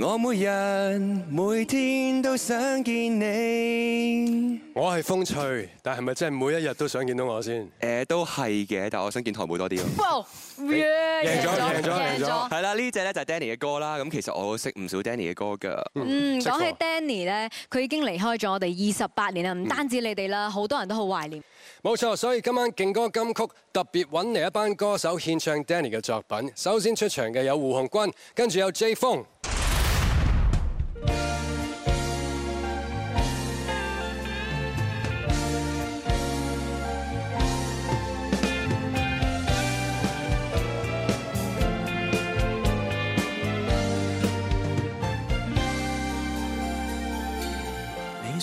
我每日每天都想見你。我係風趣，但係咪真係每一日都想見到我先？誒，都係嘅，但係我想見台妹多啲咯。贏咗，贏咗，贏咗。係啦，呢隻咧就係 Danny 嘅歌啦。咁其實我識唔少 Danny 嘅歌噶。嗯，講起 Danny 咧，佢已經離開咗我哋二十八年啦，唔單止你哋啦，好多人都好懷念。冇錯，所以今晚勁歌金曲特別搵嚟一班歌手獻唱 Danny 嘅作品。首先出場嘅有胡鴻鈞，跟住有 Jay Fung。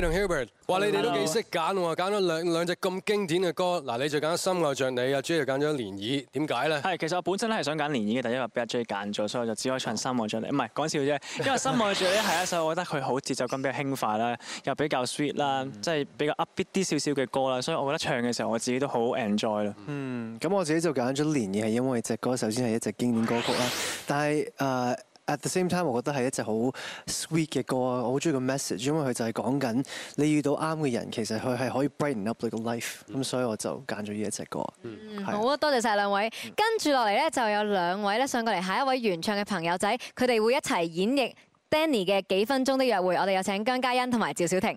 同 Hubert 話：你哋都幾識揀喎，揀咗兩兩隻咁經典嘅歌。嗱，你就揀《深愛著你》，阿 Jay 就揀咗《漣漪》，點解咧？係其實我本身咧係想揀《漣漪》嘅，但因為俾阿 Jay 揀咗，所以我就只可以唱《深愛著你》。唔係講笑啫，因為《深愛著你》係一首我覺得佢好節奏感比較輕快啦，又比較 sweet 啦，即係比較 up 啲少少嘅歌啦，所以我覺得，就是、我覺得唱嘅時候我自己都好 enjoy 啦。嗯，咁我自己就揀咗《漣漪》，係因為隻歌首先係一隻經典歌曲啦，但係誒。呃 At the same time，我覺得係一隻好 sweet 嘅歌啊，我好中意個 message，因為佢就係講緊你遇到啱嘅人，其實佢係可以 brighten up 你個 life。咁所以我就揀咗呢一隻歌。好啊，多謝晒兩位。跟住落嚟咧，就有兩位咧上過嚟，下一位原唱嘅朋友仔，佢哋會一齊演繹 Danny 嘅《幾分鐘的約會》。我哋有請姜珈欣同埋趙小婷。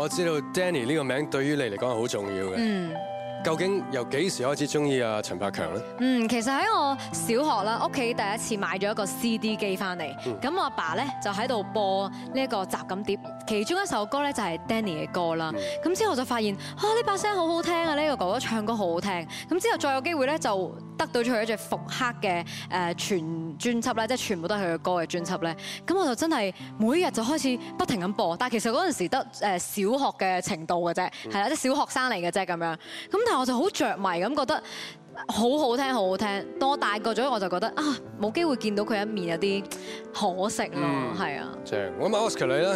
我知道 Danny 呢個名對於你嚟講係好重要嘅。嗯，究竟由幾時開始中意啊陳百強咧？嗯，其實喺我小學啦，屋企第一次買咗一個 CD 機翻嚟，咁我阿爸咧就喺度播呢個集錦碟，其中一首歌咧就係 Danny 嘅歌啦。咁之後我就發現啊呢把聲好好聽啊，呢個哥哥唱歌好好聽。咁之後再有機會咧就。得到咗佢一隻復刻嘅誒全專輯咧，即係全部都係佢嘅歌嘅專輯咧。咁我就真係每日就開始不停咁播，但係其實嗰陣時得誒小學嘅程度嘅啫，係啦，即係小學生嚟嘅啫咁樣。咁但係我就好着迷咁覺得。好好聽，好好聽。當我大個咗，我就覺得啊，冇機會見到佢一面，有啲可惜咯，嗯，係啊。正，我諗阿 Oscar 你咧，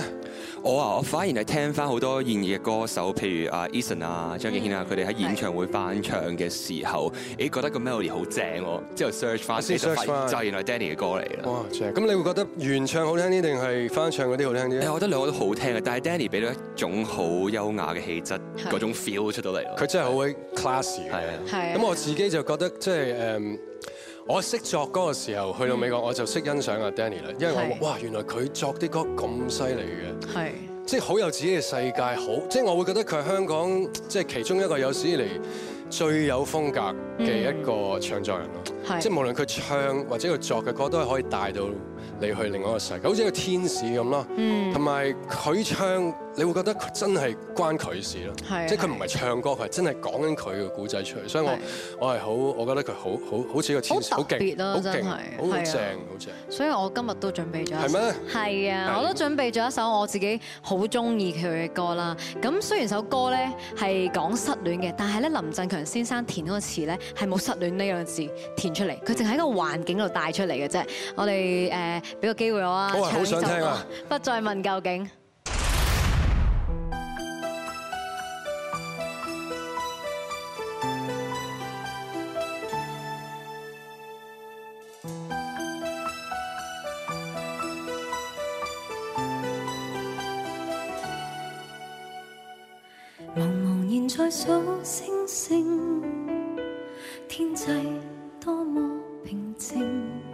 我啊，我反而係聽翻好多現役嘅歌手，譬如啊 Eason 啊、張敬軒啊，佢哋喺演唱會翻唱嘅時候，誒覺得個 Melody 好正喎，之後 search 翻，其實發現就係原來 Danny 嘅歌嚟啦。咁你會覺得原唱好聽啲定係翻唱嗰啲好聽啲？我覺得兩個都好聽嘅，但係 Danny 俾到一種好優雅嘅氣質，嗰種 feel 出到嚟。佢真係好鬼 class 嘅。係啊。係。咁我自己。就覺得即係誒，我識作歌嘅時候去到美國，我就識欣賞阿 Danny 啦，因為我哇，原來佢作啲歌咁犀利嘅，即係好有自己嘅世界，好即係我會覺得佢係香港即係其中一個有史以嚟最有風格嘅一個唱作人咯，即係無論佢唱或者佢作嘅歌都係可以帶到。你去另外一個世界，好似個天使咁咯，同埋佢唱，你會覺得真係關佢事咯，即係佢唔係唱歌，佢係真係講緊佢嘅故仔出嚟，所以我我係好，我覺得佢好好好似個天使，好特別咯，好正好正。所以我今日都準備咗，係咩？係啊，我都準備咗一首我自己好中意佢嘅歌啦。咁雖然首歌咧係講失戀嘅，但係咧林振強先生填嗰個詞咧係冇失戀呢個字填出嚟，佢淨喺個環境度帶出嚟嘅啫。我哋誒。俾個機會我啊，唱一首《不再問究竟》。茫茫然在數星星，天際多麼平靜。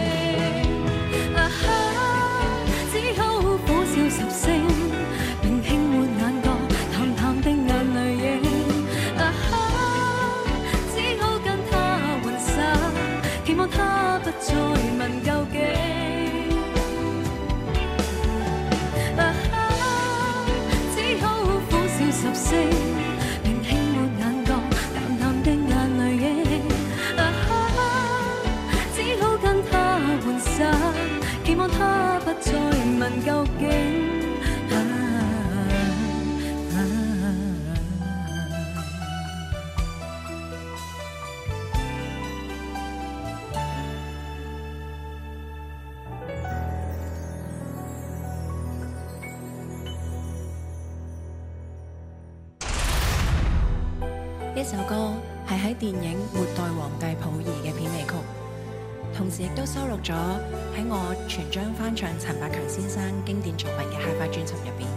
唱陳百強先生經典作品嘅《下花》專輯入邊，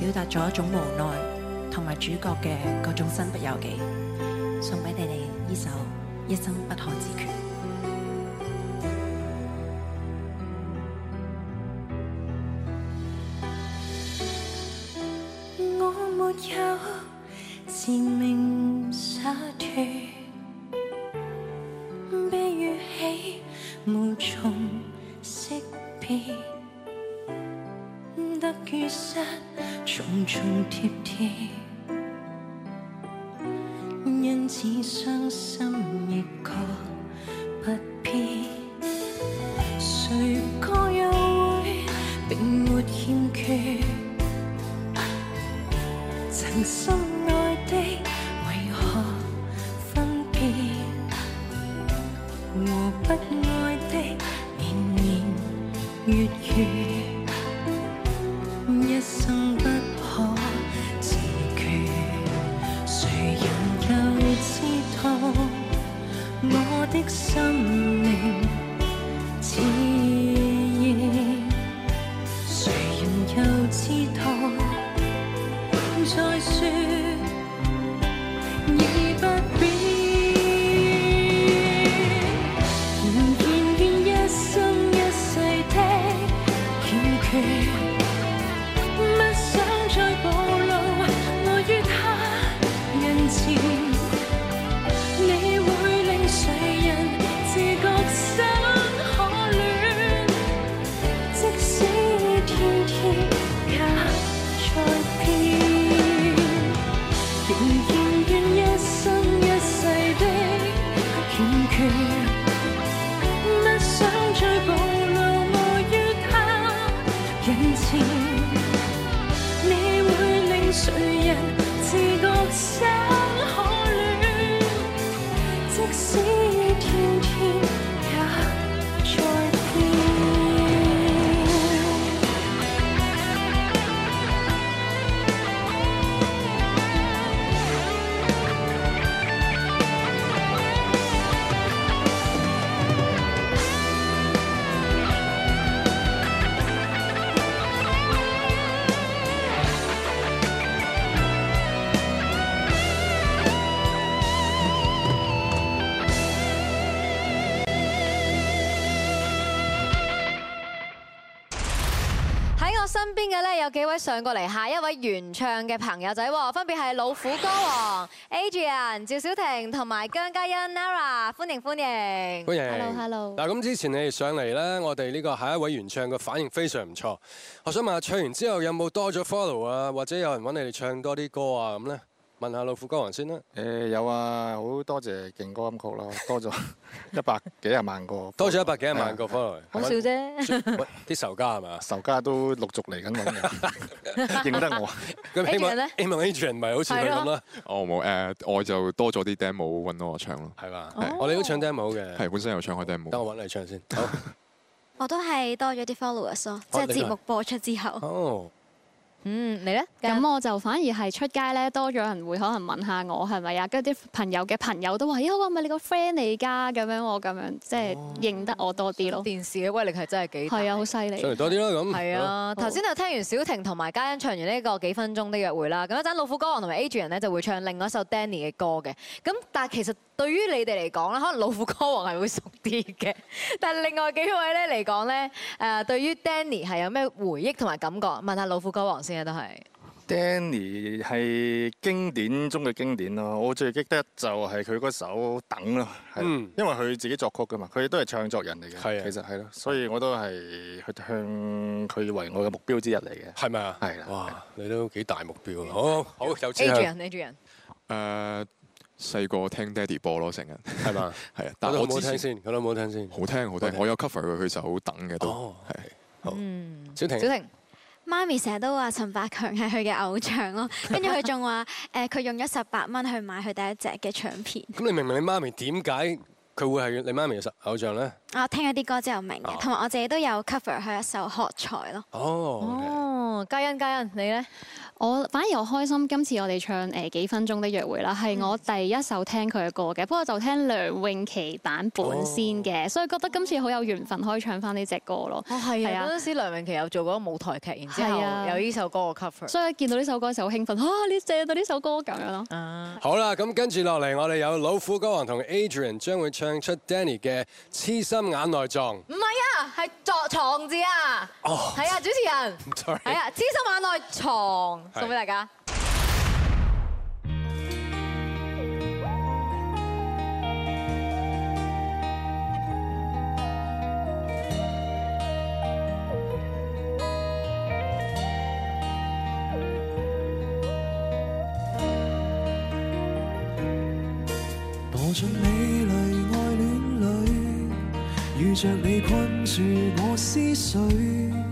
表達咗一種無奈同埋主角嘅各種身不由己，送俾你哋呢首《一生不可自決》。上過嚟，下一位原唱嘅朋友仔，分別係老虎歌王 Adrian、趙小婷同埋姜珈欣 Nara，歡迎歡迎，歡迎。Hello，hello hello。嗱，咁之前你哋上嚟咧，我哋呢個下一位原唱嘅反應非常唔錯。我想問下，唱完之後有冇多咗 follow 啊？或者有人搵你哋唱多啲歌啊？咁咧？先問下《老虎歌王》先啦。誒，有啊，好多謝勁歌金曲咯，多咗一百幾廿萬個。多咗一百幾廿萬個 follower。好笑啫！啲仇家係嘛？仇家都陸續嚟緊，揾嘅認得我。咁希望咧，Amon a 唔好似佢咁啦。哦，冇誒，我就多咗啲 demo 揾我唱咯，係嘛？我哋都唱的 demo 嘅。係本身有唱開 demo。等我揾你唱先。好。我都係多咗啲 followers 咯，即係節目播出之後。哦。嗯，你咧？咁我就反而係出街咧，多咗人會可能問下我係咪啊，跟啲朋友嘅朋友都話：咦，我係咪你個 friend 嚟㗎？咁樣我咁樣，即係認得我多啲咯。電視嘅威力係真係幾大啊！好犀利，上多啲啦！咁係啊，頭先就聽完小婷同埋珈欣唱完呢個幾分鐘的約會啦。咁一陣老虎歌王同埋 Adrian 咧就會唱另外一首 Danny 嘅歌嘅。咁但係其實。對於你哋嚟講咧，可能《老虎歌王》係會熟啲嘅，但係另外幾位咧嚟講咧，誒對於 Danny 係有咩回憶同埋感覺？問下《老虎歌王》先啊，都係。Danny 係經典中嘅經典咯，我最記得就係佢嗰首《等》咯，因為佢自己作曲噶嘛，佢都係唱作人嚟嘅，係其實係咯，所以我都係去向佢為我嘅目標之一嚟嘅，係咪啊？係啊！哇，係你都幾大目標啊！好，好，有志向。Adrian，Adrian，誒。細個聽爹 a d d 播咯，成日係嘛？係啊，但我冇聽先，係咯，冇聽先。好聽好聽，好聽我有 cover 佢，佢首等嘅都係。好好小，婷小婷小婷，媽咪成日都話陳百強係佢嘅偶像咯，跟住佢仲話誒，佢用咗十八蚊去買佢第一隻嘅唱片。咁你明唔明你媽咪點解佢會係你媽咪嘅偶像咧？啊，聽咗啲歌之後明，同埋我自己都有 cover 佢一首《學才》咯。哦。嘉欣，嘉欣，你咧？我反而我開心，今次我哋唱誒幾分鐘的約會啦，係我第一首聽佢嘅歌嘅，不過就聽梁詠琪版本先嘅，所以覺得今次好有緣分可以唱翻呢隻歌咯。哦。哦，係啊！嗰陣時梁詠琪有做嗰個舞台劇，然之後有呢首歌嘅 cover，所以見到呢首歌嘅時候好興奮，嚇！你借到呢首歌咁樣咯，啊。好啦，咁跟住落嚟，我哋有老虎歌王同 Adrian 將會唱出 Danny 嘅《痴心眼內藏》唔係。唔係啊，係作藏字啊！哦，係啊，主持人。唔該。係啊。痴心眼內藏，送俾大家。墮進美麗愛戀裏，遇着你困住我思緒。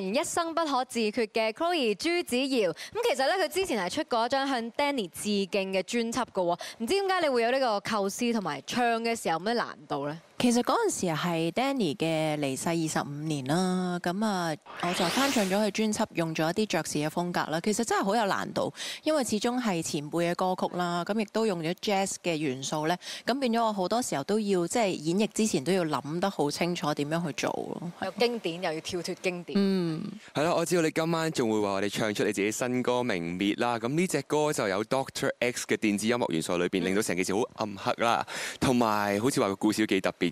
一生不可自決嘅 Chloe 朱子瑤，咁其實咧，佢之前係出過一張向 Danny 致敬嘅專輯噶，唔知點解你會有呢個構思同埋唱嘅時候有咩難度咧？其實嗰陣時係 Danny 嘅離世二十五年啦，咁啊，我就翻唱咗佢專輯，用咗一啲爵士嘅風格啦。其實真係好有難度，因為始終係前輩嘅歌曲啦，咁亦都用咗 jazz 嘅元素咧，咁變咗我好多時候都要即係演繹之前都要諗得好清楚點樣去做咯。又經典又要跳脫經典。嗯，係啦，我知道你今晚仲會話你唱出你自己新歌《明滅》啦，咁呢隻歌就有 Doctor X 嘅電子音樂元素裏邊，令到成件事好暗黑啦，同埋好似話個故事都幾特別。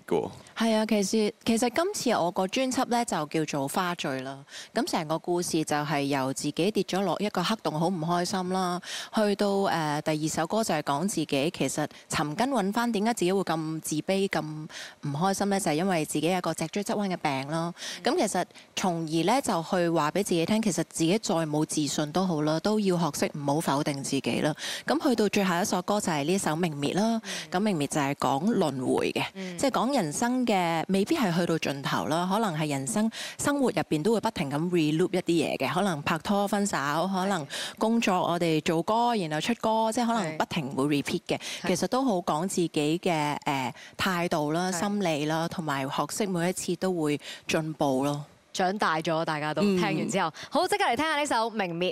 係啊，其實其實今次我個專輯呢就叫做《花醉》啦。咁成個故事就係由自己跌咗落一個黑洞，好唔開心啦。去到誒第二首歌就係講自己其實尋根揾翻點解自己會咁自卑、咁唔開心呢？就係、是、因為自己有個脊椎側彎嘅病啦。咁、嗯、其實從而呢就去話俾自己聽，其實自己再冇自信都好啦，都要學識唔好否定自己啦。咁去到最後一首歌就係呢首《明滅》啦。咁《明滅》就係講輪迴嘅，即係講。人生嘅未必係去到盡頭啦，可能係人生生活入邊都會不停咁 reloop 一啲嘢嘅，可能拍拖分手，可能工作我哋做歌然後出歌，即係可能不停會 repeat 嘅，其實都好講自己嘅誒態度啦、心理啦，同埋學識每一次都會進步咯，長大咗大家都大聽完之後好，好即刻嚟聽下呢首《明滅》。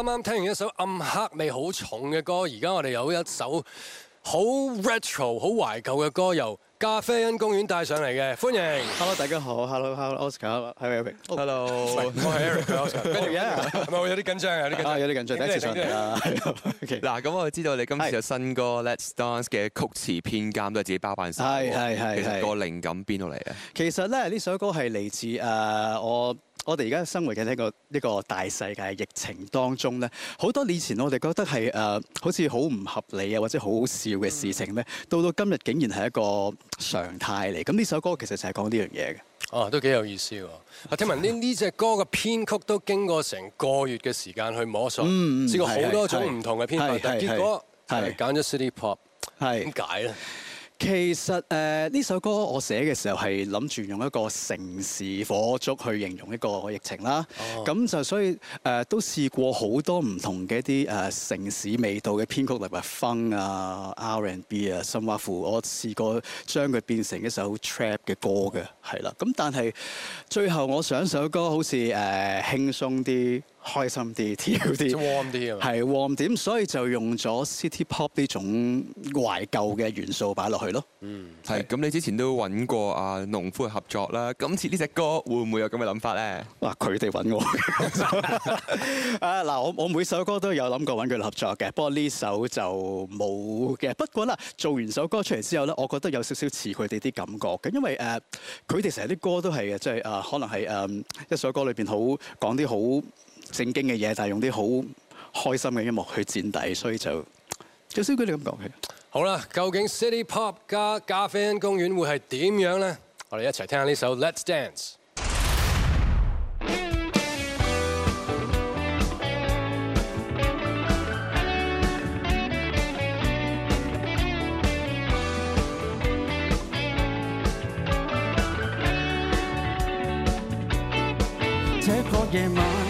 啱啱聽完一首暗黑味好重嘅歌，而家我哋有一首好 Retro、好懷舊嘅歌，由咖啡因公園帶上嚟嘅，歡迎。Hello，大家好。Hello，Hello，Oscar，係咪 Eric？Hello，我係 Eric，Oscar。歡迎。係咪有啲緊張？有啲緊張，有啲緊，緊張。第一次上嚟啊。嗱，咁我知道你今次有新歌《Let’s Dance》嘅曲詞編監都係自己包辦曬。係係係。其實個靈感邊度嚟咧？其實咧，呢首歌係嚟自誒我。我哋而家生活嘅呢個一個大世界疫情當中咧，好多以前我哋覺得係誒好似好唔合理啊，或者好好笑嘅事情咧，到到今日竟然係一個常態嚟。咁呢首歌其實就係講呢樣嘢嘅。哦，都幾有意思喎！我聽聞呢呢隻歌嘅編曲都經過成個月嘅時間去摸索，試過好多種唔同嘅編曲，但係結果係揀咗 City Pop，係點解咧？其實誒呢首歌我寫嘅時候係諗住用一個城市火燭去形容一個疫情啦，咁就所以誒都試過好多唔同嘅一啲誒城市味道嘅編曲，例如 funk 啊、R and B 啊、甚或乎我試過將佢變成一首 trap 嘅歌嘅，係啦，咁但係最後我想首歌好似誒輕鬆啲。開心啲，調啲，係 warm 啲咁，所以就用咗 city pop 呢種懷舊嘅元素擺落去咯。嗯，係咁。你之前都揾過阿農夫合作啦，今次呢隻歌會唔會有咁嘅諗法咧？哇！佢哋揾我啊！嗱，我我每首歌都有諗過揾佢哋合作嘅，不過呢首就冇嘅。不過啦，做完首歌出嚟之後咧，我覺得有少少似佢哋啲感覺嘅，因為誒佢哋成日啲歌都係即係誒，可能係誒一首歌裏邊好講啲好。正經嘅嘢，但係用啲好開心嘅音樂去墊底，所以就就少佢哋咁講嘅。好啦，究竟 City Pop 加咖啡因公園會係點樣咧？我哋一齊聽下呢首 Let's Dance。這個夜晚。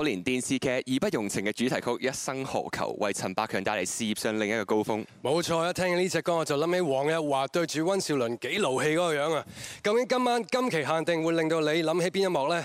九年電視劇義不容情嘅主題曲《一生何求》為陳百強帶嚟事業上另一個高峰。冇錯，一聽呢隻歌我就諗起黃日華對住温兆倫幾勞氣嗰個樣啊！究竟今晚今期限定會令到你諗起邊一幕呢？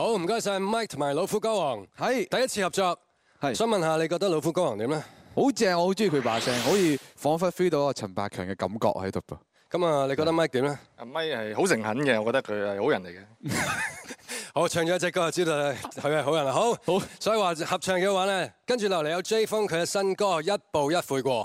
好，唔該晒。Mike 同埋老虎歌王，係第一次合作，係想問下你覺得老虎歌王點咧？好正，我好中意佢把聲，可以仿佛 feel 到阿陳百強嘅感覺喺度噃。咁啊，你覺得 Mike 點咧？阿 Mike 係好誠懇嘅，我覺得佢係好人嚟嘅。好，唱咗一隻歌就知道係咪好人啦。好，好，所以話合唱嘅好玩咧。跟住落嚟有 Jay Fung 佢嘅新歌《一步一悔過》。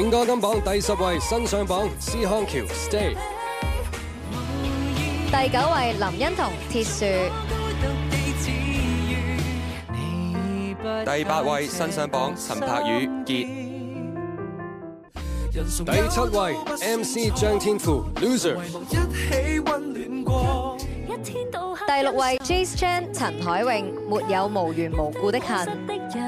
勁歌金榜第十位新上榜，施匡翹 Stay。第九位林欣彤，鐵樹。第八位新上榜，陳柏宇，杰。第七位 MC 張天賦 Loser。一起溫暖過。第六位 Jace Chan 陳凱詠，沒有無緣無故的恨。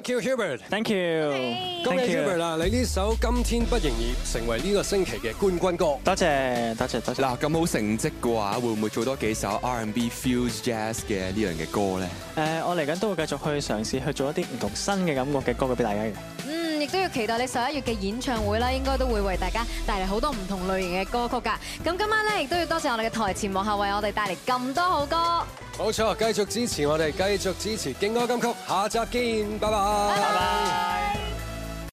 Thank you, Hubert. Thank you. 今日 Hubert 你呢首《今天不營業》成為呢個星期嘅冠軍歌。多謝，多謝，多謝。嗱，咁好成績嘅話，會唔會做多幾首 R and B feel jazz 嘅呢樣嘅歌咧？誒，我嚟緊都會繼續去嘗試去做一啲唔同新嘅感覺嘅歌曲俾大家嘅。亦都要期待你十一月嘅演唱會啦，應該都會為大家帶嚟好多唔同類型嘅歌曲㗎。咁今晚呢，亦都要多謝我哋嘅台前幕後為我哋帶嚟咁多好歌。冇錯，繼續支持我哋，繼續支持勁歌金曲，下集見，拜拜，拜拜。